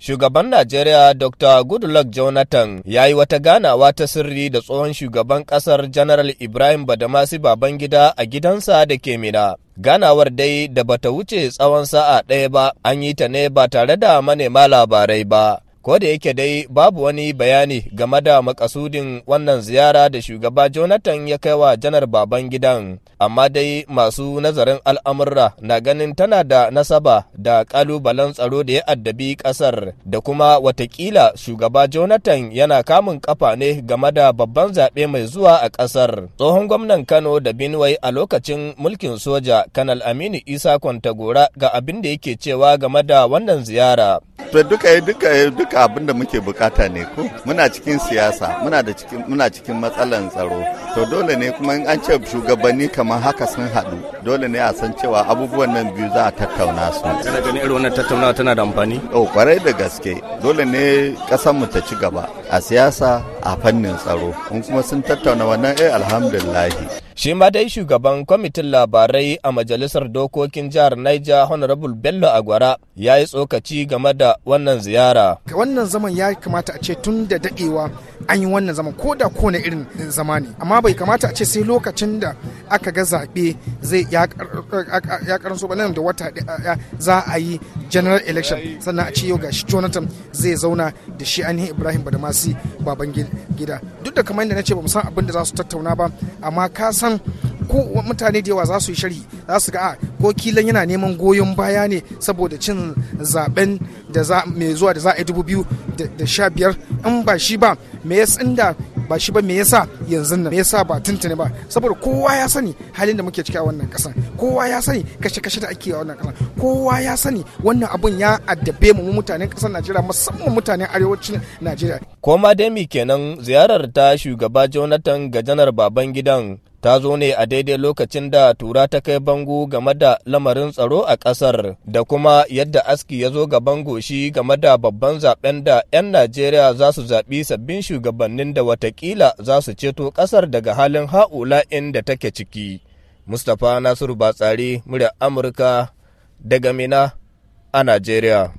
Shugaban Najeriya Dr. Goodluck Jonathan ya yi wata ganawa ta sirri da tsohon shugaban ƙasar General Ibrahim Badamasi Babangida a gidansa da ke Mina. Ganawar dai da bata wuce tsawon sa'a ɗaya ba, an yi ta ne ba tare da manema labarai ba. ko da yake dai babu wani bayani game da makasudin wannan ziyara da shugaba jonathan ya kai wa janar baban gidan amma dai masu nazarin al'amurra na ganin tana da nasaba da kalubalen tsaro da ya addabi kasar da kuma watakila shugaba jonathan yana kamun kafa ne game da babban zaɓe mai zuwa a kasar tsohon gwamnan kano da binwai a lokacin mulkin soja kanal aminu isa kwantagora ga abin da yake cewa game da wannan ziyara duka duka haka abin da muke bukata ne ko muna cikin siyasa muna da cikin muna cikin matsalan tsaro to dole ne kuma in an ce shugabanni kamar haka sun haɗu dole ne a san cewa abubuwan nan biyu za a tattauna su kana ganin irin wannan tattaunawa tana da amfani oh kwarai da gaske dole ne kasan mu ta ci gaba a siyasa a fannin tsaro in kuma sun tattauna wannan eh alhamdulillahi shi ma dai shugaban kwamitin labarai a majalisar dokokin jihar Niger honorable bello agwara ya yi tsokaci game da wannan ziyara wannan zaman ya kamata a ce tun da dadewa an yi wannan zaman ko da kone irin zama ne amma bai kamata a ce sai lokacin da aka ga zaɓe zai ya karanso ba nan da wata za a yi general election sannan a ce yau gashi jonathan zai zauna da shi ainihin ibrahim badamasi shamsi baban gida duk da kamar yadda na ce ba san abin da za su tattauna ba amma ka san ko mutane da yawa za su yi sharhi za su ga a ah, ko kilan yana neman goyon baya ne saboda cin zaben da za mai zuwa da za a yi dubu biyu da sha biyar in ba shi ba me ya tsinda ba shi ba me yasa yanzu nan me yasa ba tuntuni ba saboda kowa ya sani halin da muke ciki a wannan kasan kowa ya sani kashe-kashe da ake a wannan kasan kowa ya sani wannan abun ya addabe mu mutanen kasar Najeriya musamman mutanen arewacin Najeriya koma demi kenan ziyarar ta shugaba Jonathan ga janar baban gidan ta zo ne a daidai lokacin da tura ta kai bango game da lamarin tsaro a ƙasar da kuma yadda aski ya zo ga bango shi game da babban zaben da 'yan najeriya za su zaɓi sabbin shugabannin da watakila za su ceto ƙasar daga halin ha'ula inda take ciki mustapha nasiru batsari murya amurka daga mina a najeriya